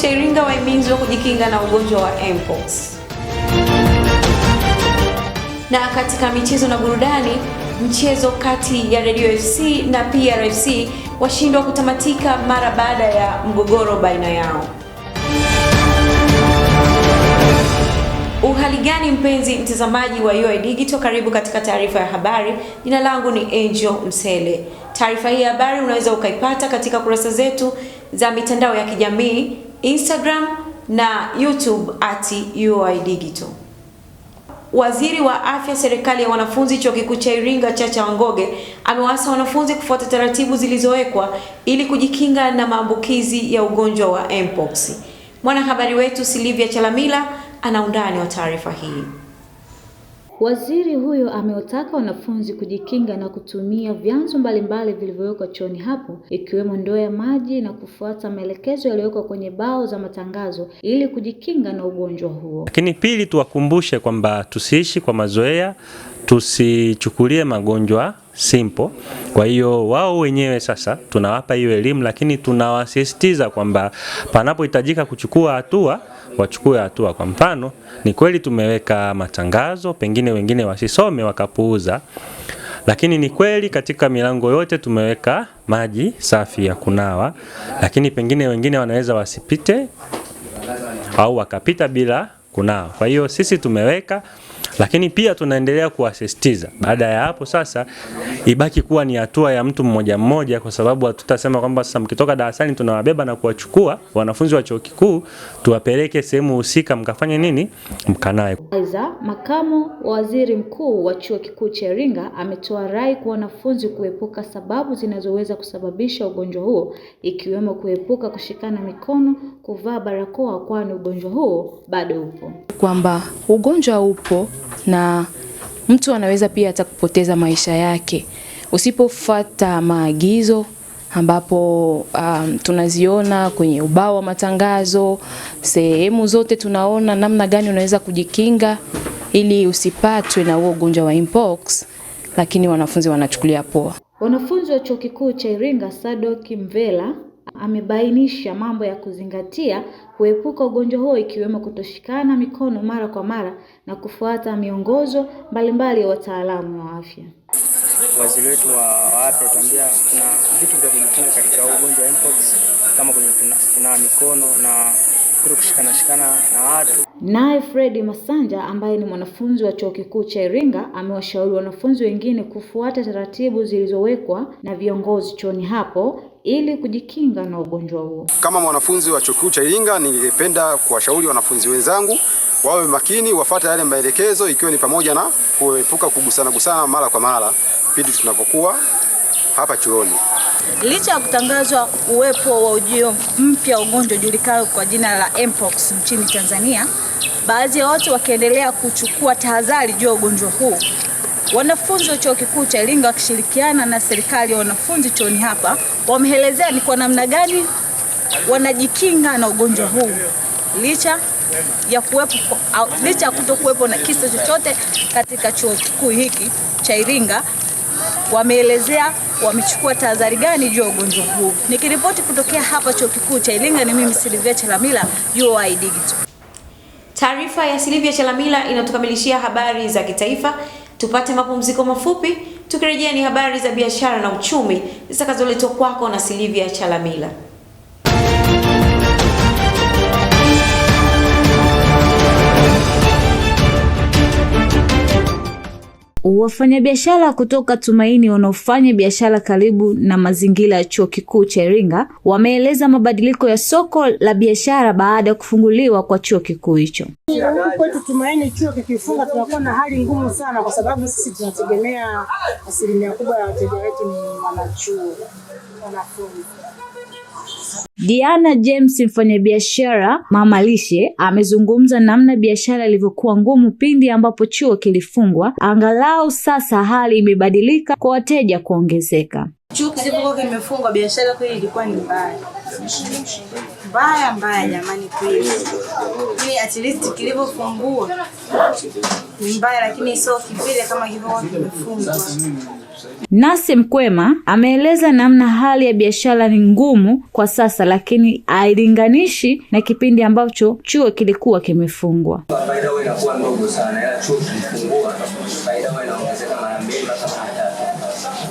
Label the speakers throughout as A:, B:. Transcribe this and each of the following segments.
A: cha Iringa wahimizwa kujikinga na ugonjwa wa mpox. Na katika michezo na burudani, mchezo kati ya Radio FC na PRFC washindwa kutamatika mara baada ya mgogoro baina yao. Uhali gani mpenzi mtazamaji wa UoI Digital, karibu katika taarifa ya habari. Jina langu ni Angel Msele. Taarifa hii ya habari unaweza ukaipata katika kurasa zetu za mitandao ya kijamii Instagram na YouTube at UoI Digital. Waziri wa Afya serikali ya wanafunzi chuo kikuu cha Iringa Chacha Wangoge amewaasa wanafunzi kufuata taratibu zilizowekwa ili kujikinga na maambukizi ya ugonjwa wa mpox. Mwanahabari wetu Silvia Chalamila ana undani wa taarifa hii.
B: Waziri huyo amewataka wanafunzi kujikinga na kutumia vyanzo mbalimbali vilivyowekwa chooni hapo ikiwemo ndoo ya maji na kufuata maelekezo yaliyowekwa kwenye bao za matangazo ili kujikinga na ugonjwa huo.
C: Lakini pili, tuwakumbushe kwamba tusiishi kwa mazoea, tusichukulie magonjwa simple. Kwa hiyo wao wenyewe sasa tunawapa hiyo elimu, lakini tunawasisitiza kwamba panapohitajika kuchukua hatua wachukue hatua. Kwa mfano, ni kweli tumeweka matangazo, pengine wengine wasisome wakapuuza, lakini ni kweli katika milango yote tumeweka maji safi ya kunawa, lakini pengine wengine wanaweza wasipite au wakapita bila kunawa. Kwa hiyo sisi tumeweka lakini pia tunaendelea kuwasisitiza, baada ya hapo sasa ibaki kuwa ni hatua ya mtu mmoja mmoja, kwa sababu hatutasema kwamba sasa mkitoka darasani tunawabeba na kuwachukua wanafunzi wa chuo kikuu tuwapeleke sehemu husika mkafanye nini, mkanae.
B: Aidha, makamu wa waziri mkuu wa chuo kikuu cha Iringa ametoa rai kwa wanafunzi kuepuka sababu zinazoweza kusababisha ugonjwa huo ikiwemo kuepuka kushikana mikono, kuvaa barakoa, kwani ugonjwa huo bado upo,
D: kwamba ugonjwa upo na mtu anaweza pia hata kupoteza maisha yake usipofuata maagizo ambapo um, tunaziona kwenye ubao wa matangazo sehemu zote, tunaona namna gani unaweza kujikinga ili usipatwe na huo ugonjwa wa mpox, lakini wanafunzi wanachukulia poa.
B: Wanafunzi wa Chuo Kikuu cha Iringa Sadoki Mvela amebainisha mambo ya kuzingatia kuepuka ugonjwa huo ikiwemo kutoshikana mikono mara kwa mara na kufuata miongozo mbalimbali ya wataalamu wa afya.
E: Waziri wetu wa afya tuambia kuna vitu vya kujikinga katika ugonjwa wa mpox kama kunawa mikono na kushikana shikana na watu.
B: Naye Fredi Masanja ambaye ni mwanafunzi wa Chuo Kikuu cha Iringa amewashauri wanafunzi wengine kufuata taratibu zilizowekwa na viongozi chuoni hapo ili kujikinga na ugonjwa huo.
F: Kama mwanafunzi wa Chuo Kikuu cha Iringa, ningependa kuwashauri wanafunzi wenzangu wawe makini, wafuate yale maelekezo, ikiwa ni pamoja na kuepuka kugusana gusana mara kwa mara pindi tunapokuwa hapa chuoni.
A: Licha ya kutangazwa uwepo wa ujio mpya wa ugonjwa ujulikao kwa jina la mpox nchini Tanzania, baadhi ya watu wakiendelea kuchukua tahadhari juu ya ugonjwa huu Wanafunzi wa Chuo Kikuu cha Iringa wakishirikiana na serikali ya wanafunzi chuoni hapa wameelezea ni kwa namna gani wanajikinga na ugonjwa huu licha ya kuwepo, licha ya kuto kuwepo na kisa chochote katika chuo kikuu hiki cha Iringa. Wameelezea wamechukua tahadhari gani juu ya ugonjwa huu. Nikiripoti kutokea hapa chuo kikuu cha Iringa, ni mimi Silvia Chalamila, UoI Digital. Taarifa ya Silvia Chalamila inatukamilishia habari za kitaifa. Tupate mapumziko mafupi, tukirejea ni habari za biashara na uchumi zitakazoletwa kwako na Silvia Chalamila. Wafanyabiashara kutoka Tumaini wanaofanya biashara karibu na mazingira ya Chuo Kikuu cha Iringa wameeleza mabadiliko ya soko la biashara baada ya kufunguliwa kwa chuo kikuu hicho.
G: Huku kwetu Tumaini, chuo kikifunga, tunakuwa na hali ngumu sana, kwa sababu sisi tunategemea asilimia kubwa ya wateja wetu ni wanachuo, wanafunzi
A: Diana James, mfanyabiashara mama lishe, amezungumza namna biashara ilivyokuwa ngumu pindi ambapo chuo kilifungwa. Angalau sasa hali imebadilika kwa wateja kuongezeka.
H: Chuo kilipokuwa kimefungwa, biashara kweli ilikuwa ni mbaya mbaya jamani, kweli. ni yaani, at least kilivyofungua ni mbaya, lakini sio kivile kama kilivyokuwa kimefungwa.
A: Nasi Mkwema ameeleza namna hali ya biashara ni ngumu kwa sasa, lakini hailinganishi na kipindi ambacho chuo kilikuwa kimefungwa. Yaani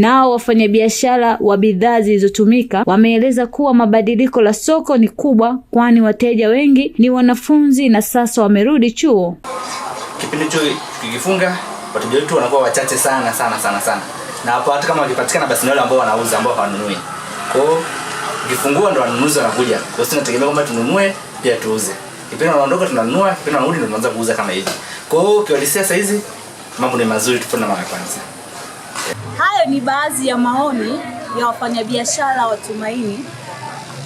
A: Nao wafanyabiashara wa bidhaa zilizotumika wameeleza kuwa mabadiliko la soko ni kubwa, kwani wateja wengi ni wanafunzi na sasa wamerudi chuo.
I: Kipindi chuo kikifunga, wateja wetu wanakuwa wachache sana sana sana sana na hapo hata kama wakipatikana basi ni wale ambao wanauza ambao hawanunui. Kwa hiyo ukifungua ndo wanunuzi wanakuja. Kwa hiyo tunategemea kwamba tununue pia tuuze. Kipindi wanaondoka tunanunua, kipindi wanarudi ndo tunaanza kuuza kama hivi. Kwa hiyo kiwalisia sasa hizi mambo ni mazuri tupo na mara kwanza.
A: Hayo ni baadhi ya maoni ya wafanyabiashara wa Tumaini.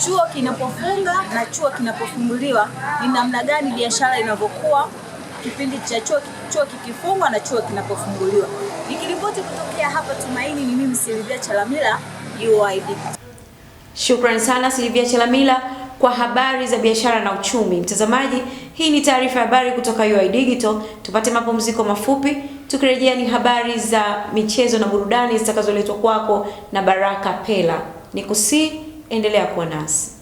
A: Chuo kinapofunga na chuo kinapofunguliwa ni namna gani biashara inavyokuwa kipindi cha chuo, chuo kikifungwa na chuo kinapofunguliwa. Nikiripoti kutokea hapa Tumaini, ni mimi Silvia Chalamila, UoID. Shukrani sana Silvia Chalamila kwa habari za biashara na uchumi. Mtazamaji, hii ni taarifa ya habari kutoka UoI Digital. Tupate mapumziko mafupi, tukirejea ni habari za michezo na burudani zitakazoletwa kwako na Baraka Pela. Nikusi endelea kuwa nasi.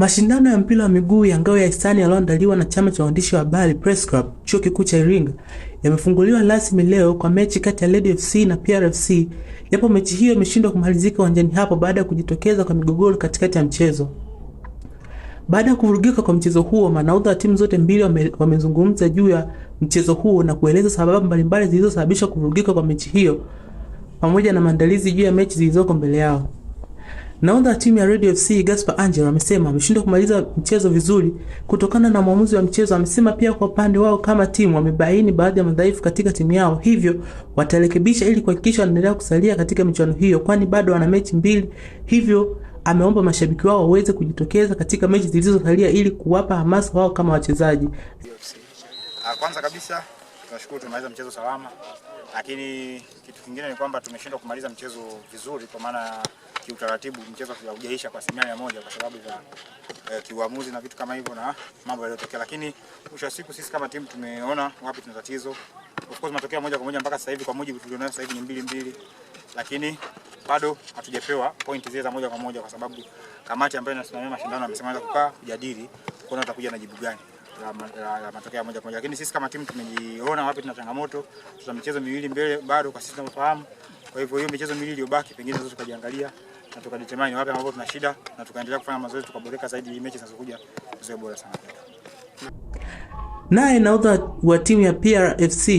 J: Mashindano ya mpira wa miguu ya ngao ya hisani yaliyoandaliwa na chama cha waandishi wa habari Press Club chuo kikuu cha Iringa yamefunguliwa rasmi leo kwa mechi kati ya Lady FC na PRFC, japo mechi hiyo imeshindwa kumalizika uwanjani hapo baada ya kujitokeza kwa migogoro katikati ya mchezo. Baada ya kuvurugika kwa mchezo huo, manaudha wa timu zote mbili wame, wamezungumza juu ya mchezo huo na kueleza sababu mbalimbali zilizosababisha kuvurugika kwa mechi hiyo pamoja na maandalizi juu ya mechi zilizoko mbele yao wa timu ya Radio FC Gaspar Angel amesema ameshindwa kumaliza mchezo vizuri kutokana na mwamuzi wa mchezo. Amesema pia kwa upande wao kama timu wamebaini baadhi ya madhaifu katika timu yao, hivyo watarekebisha ili kuhakikisha wanaendelea kusalia katika michuano hiyo, kwani bado wana mechi mbili. Hivyo ameomba mashabiki wao waweze kujitokeza katika mechi zilizosalia ili kuwapa hamasa wao kama wachezaji.
K: Ah, kwanza kabisa tunashukuru tumemaliza mchezo salama, lakini kitu kingine ni kwamba tumeshindwa kumaliza mchezo vizuri, kwa maana kiutaratibu mchezo haujaisha kwa asilimia mia moja kwa sababu za eh, kiuamuzi na vitu kama hivyo na mambo yaliyotokea, lakini mwisho wa siku sisi kama timu tumeona wapi tuna tatizo. Of course matokeo moja kwa moja mpaka sasa hivi kwa mujibu tulionao sasa hivi ni mbili mbili, lakini bado hatujapewa point zile za moja kwa moja, kwa sababu kamati ambayo inasimamia mashindano amesema anaweza kukaa kujadili kuona atakuja na jibu gani la matokeo moja kwa moja, lakini sisi kama timu tumejiona wapi tuna changamoto. Tuna michezo miwili mbele bado kwa sisi tunafahamu. Kwa hivyo hiyo michezo miwili iliyobaki, pengine sasa tukajiangalia na tukadetermine wapi ambapo tuna shida na tukaendelea kufanya mazoezi tukaboreka zaidi, mechi zinazokuja ziwe bora sana.
J: Naye nahodha wa timu ya PRFC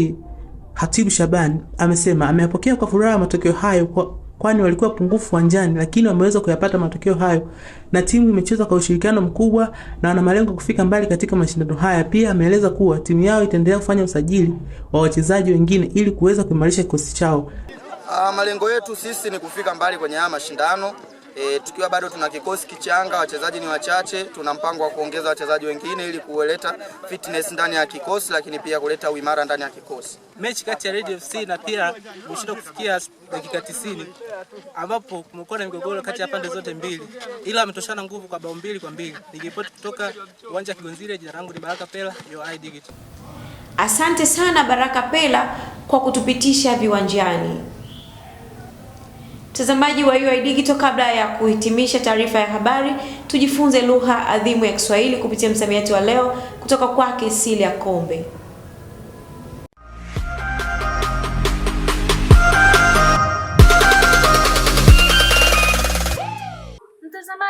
J: Hatibu Shaban amesema ameapokea kwa furaha matokeo hayo kwa kwani walikuwa pungufu uwanjani, lakini wameweza kuyapata matokeo hayo, na timu imecheza kwa ushirikiano mkubwa na wana malengo kufika mbali katika mashindano haya. Pia ameeleza kuwa timu yao itaendelea kufanya usajili wa wachezaji wengine ili kuweza kuimarisha kikosi chao.
L: Uh, malengo yetu sisi ni kufika mbali kwenye haya mashindano e, tukiwa bado tuna kikosi kichanga, wachezaji ni wachache. Tuna mpango wa kuongeza wachezaji wengine ili kuleta fitness ndani ya kikosi, lakini pia kuleta uimara ndani ya kikosi
M: mechi kati ya Red FC na Pira umeshinda kufikia dakika 90 ambapo kumekuwa na migogoro kati ya pande zote mbili, ila ametoshana nguvu kwa bao mbili kwa mbili. Nikiripoti kutoka uwanja wa Kigonzile, jina langu ni Baraka Pela, UoI Digital.
A: Asante sana Baraka Pela kwa kutupitisha viwanjani. Mtazamaji wa UoI Digital, kabla ya kuhitimisha taarifa ya habari, tujifunze lugha adhimu ya Kiswahili kupitia msamiati wa leo kutoka kwake Silia Kombe.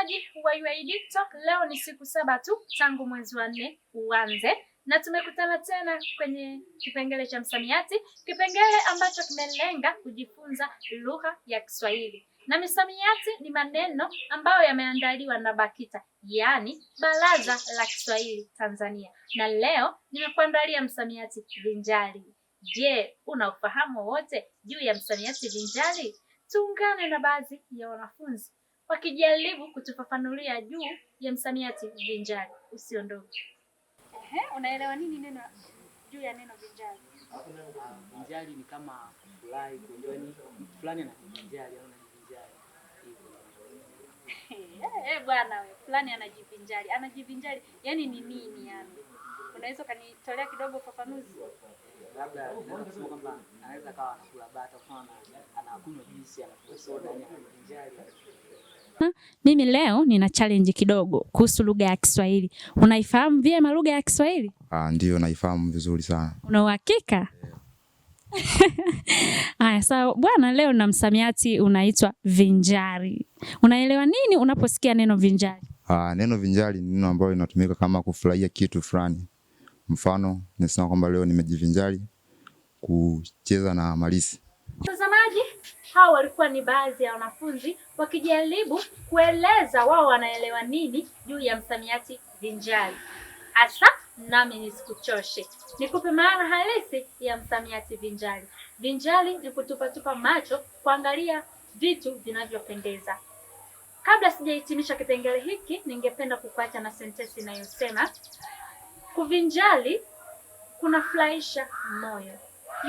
N: Mtazamaji wa UoI Talk, leo ni siku saba tu tangu mwezi wa nne uanze na tumekutana tena kwenye kipengele cha msamiati, kipengele ambacho kimelenga kujifunza lugha ya Kiswahili. Na misamiati ni maneno ambayo yameandaliwa na BAKITA, yaani Baraza la Kiswahili Tanzania, na leo nimekuandalia msamiati vinjari. Je, una ufahamu wote juu ya msamiati vinjari? Tuungane na baadhi ya wanafunzi wakijaribu kutufafanulia juu ya msamiati vinjari. Usiondoke.
O: Ehe, unaelewa nini neno juu ya neno vinjari?
P: Vinjari ni kama kufurahi, kuenjoy fulani na vinjari au anajivinjari.
O: Eh, bwana wewe, fulani anajivinjari, anajivinjari yaani ni nini yani? Unaweza ukanitolea kidogo ufafanuzi? Labda tunasema kwamba anaweza kawa anakula bata, kwa maana
Q: anakunywa juisi, anakunywa soda, anajivinjari. Mimi leo nina challenge kidogo kuhusu lugha ya Kiswahili. Unaifahamu vyema lugha ya Kiswahili?
R: Ah, ndio naifahamu vizuri sana.
Q: Una uhakika? Haya, sawa bwana. Leo na msamiati unaitwa vinjari. Unaelewa nini unaposikia neno vinjari?
R: Ah, neno vinjari ni neno ambalo linatumika kama kufurahia kitu fulani. Mfano, nisema kwamba leo nimejivinjari kucheza na Marisi.
N: Mtazamaji hao walikuwa ni baadhi ya wanafunzi wakijaribu kueleza wao wanaelewa nini juu ya msamiati vinjari. Hasa nami nisikuchoshe, nikupe maana halisi ya msamiati vinjari. Vinjari ni kutupatupa macho kuangalia vitu vinavyopendeza. Kabla sijahitimisha kipengele hiki, ningependa kukuacha na sentensi inayosema kuvinjari kunafurahisha moyo.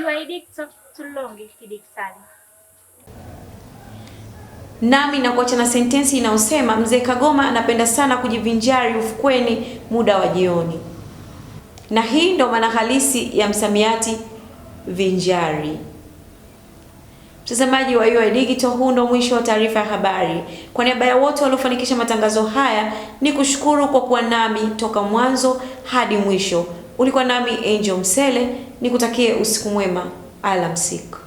N: Yuaidikto tulonge kidiktari
A: nami nakuacha na sentensi inayosema mzee Kagoma anapenda sana kujivinjari ufukweni muda wa jioni, na hii ndio maana halisi ya msamiati vinjari. Mtazamaji wa UoI Digital, huu ndio mwisho wa taarifa ya habari. Kwa niaba ya wote waliofanikisha matangazo haya, ni kushukuru kwa kuwa nami toka mwanzo hadi mwisho. Ulikuwa nami Angel Msele, nikutakie usiku mwema, alamsik.